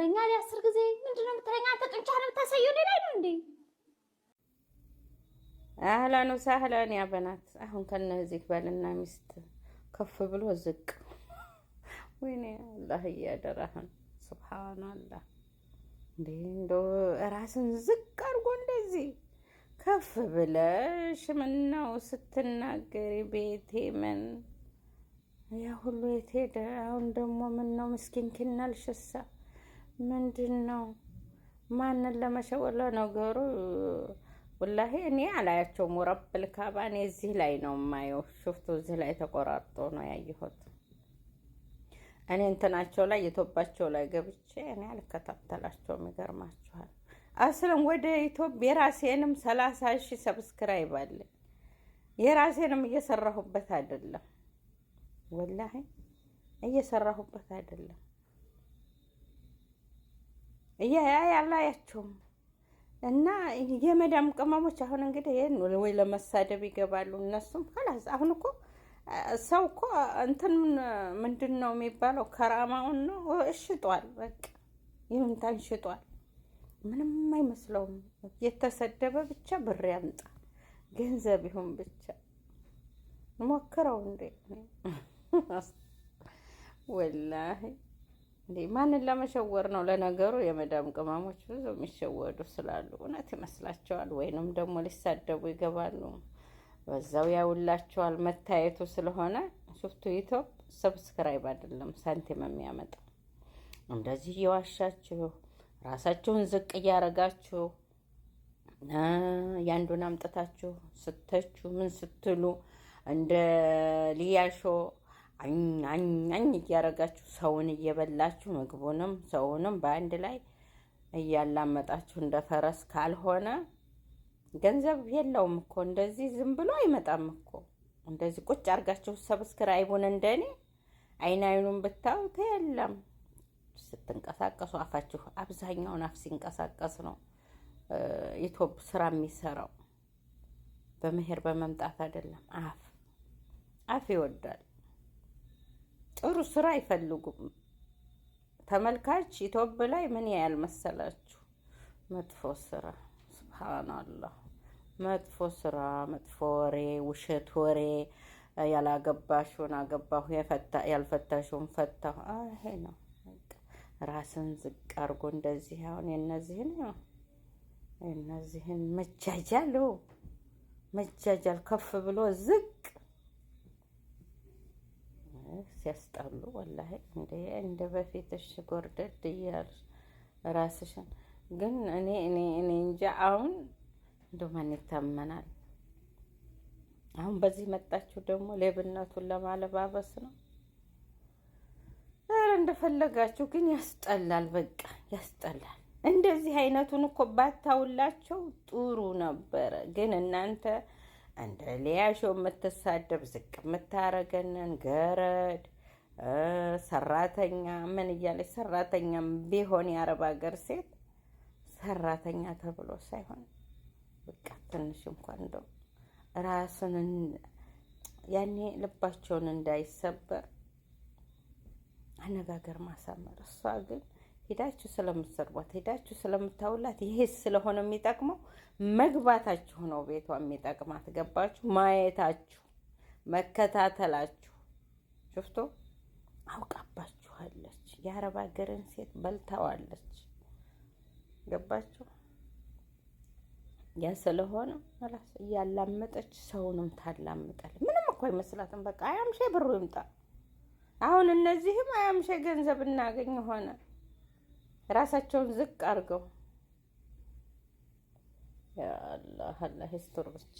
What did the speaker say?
ትለኛል አስር ጊዜ ምንድን ነው የምትለኝ አንተ? ጡንቻህን የምታሳየው እኔ ላይ ነው እንዴ? አህላን ወሳህላን ያ በናት። አሁን ከነዚህ ባልና ሚስት ከፍ ብሎ ዝቅ፣ ወይኔ አላህ እያደራህን። ሱብሃንአላህ እንዴ! እንደው ራስን ዝቅ አድርጎ እንደዚህ ከፍ ብለሽ ምነው ስትናገሪ ቤቴ ምን ያ ሁሉ የት ሄደ? አሁን ደግሞ ምነው ምስኪን ኪናልሽሳ ምንድን ነው? ማንን ለመሸወለ ነገሩ? ወላሂ እኔ አላያቸውም። ወረብል ካባ እኔ እዚህ ላይ ነው የማየው። ሽፍቱ እዚህ ላይ ተቆራርጦ ነው ያየሁት። እኔ እንትናቸው ላይ የቶባቸው ላይ ገብቼ እኔ አልከታተላቸውም። ይገርማችኋል። አስልም ወደ ኢትዮጵያ የራሴንም ሰላሳ ሺህ ሰብስክራይብ አለኝ። የራሴንም እየሰራሁበት አይደለም፣ ወላሂ እየሰራሁበት አይደለም። አያላያችሁም እና የመዳም ቅመሞች አሁን እንግዲህ ይህን ወይ ለመሳደብ ይገባሉ። እነሱም ከላስ አሁን እኮ ሰው እኮ እንትን ምንድን ነው የሚባለው ከራማውን ነው እሽጧል። በቃ ይሁንታን ሽጧል። ምንም አይመስለውም። የተሰደበ ብቻ ብር ያምጣ ገንዘብ ይሁን ብቻ ሞክረው እንዴ ወላሂ እንዴ ማንን ለመሸወር ነው? ለነገሩ የመዳም ቅመሞች ብዙ የሚሸወዱ ስላሉ እውነት ይመስላቸዋል፣ ወይንም ደግሞ ሊሳደቡ ይገባሉ። በዛው ያውላቸዋል መታየቱ ስለሆነ ሱፍቱ ዩቱብ ሰብስክራይብ አይደለም ሳንቲም የሚያመጣ እንደዚህ እየዋሻችሁ ራሳችሁን ዝቅ እያረጋችሁ ያንዱን አምጥታችሁ ስተችሁ ምን ስትሉ እንደ ሊያሾ አኛኛኝ እያደረጋችሁ ሰውን እየበላችሁ ምግቡንም ሰውንም በአንድ ላይ እያላመጣችሁ እንደ ፈረስ ካልሆነ ገንዘብ የለውም እኮ እንደዚህ ዝም ብሎ አይመጣም እኮ። እንደዚህ ቁጭ አርጋችሁ ሰብስክራይቡን እንደኔ አይን አይኑን ብታዩት የለም። ስትንቀሳቀሱ አፋችሁ አብዛኛውን አፍ ሲንቀሳቀስ ነው ኢትዮፕ ስራ የሚሰራው በመሄድ በመምጣት አይደለም። አፍ አፍ ይወዳል። ጥሩ ስራ አይፈልጉም። ተመልካች ኢትዮጵ ላይ ምን ያህል መሰላችሁ? መጥፎ ስራ ስብሓናላህ፣ መጥፎ ስራ፣ መጥፎ ወሬ፣ ውሸት ወሬ፣ ያላገባሽውን አገባሁ፣ ያልፈታሽውን ፈታሁ። ይሄ ነው ራስን ዝቅ አድርጎ እንደዚህ አሁን የነዚህን ነው የነዚህን መጃጃሉ መጃጃል ከፍ ብሎ ዝቅ ሲያስጠሉ ወላሂ እንደ እንደ በፊትሽ ጎርደድ እያልሽ ራስሽን ግን እኔ እኔ እኔ እንጃ አሁን እንደ ማን ይታመናል? አሁን በዚህ መጣችሁ ደግሞ ሌብነቱን ለማለባበስ ነው። ኧረ እንደፈለጋችሁ ግን ያስጠላል፣ በቃ ያስጠላል። እንደዚህ አይነቱን እኮ ባታውላቸው ጥሩ ነበረ፣ ግን እናንተ እንደ ሊያሾ የምትሳደብ ዝቅ የምታረገንን ገረድ ሰራተኛ ምን እያለች ሰራተኛ ቢሆን የአረብ ሀገር ሴት ሰራተኛ ተብሎ ሳይሆን በቃ ትንሽ እንኳን እንደው ራስን ያኔ ልባቸውን እንዳይሰበር አነጋገር ማሳመር እሷ ግን ሄዳችሁ ስለምትሰርቧት ሄዳችሁ ስለምታውላት ይሄ ስለሆነ የሚጠቅመው መግባታችሁ ነው። ቤቷ የሚጠቅማት ገባችሁ፣ ማየታችሁ፣ መከታተላችሁ ሽፍቶ አውቃባችኋለች። የአረብ ሀገርን ሴት በልታዋለች። ገባችሁ። ያ ስለሆነ ራስ እያላመጠች ሰውንም ታላምጣል። ምንም እኮ አይመስላትም። በቃ አያምሼ ብሩ ይምጣ። አሁን እነዚህም አያምሼ ገንዘብ እናገኝ ሆነ ራሳቸውን ዝቅ አድርገው ያአላህ አላህ ስቶር ብቻ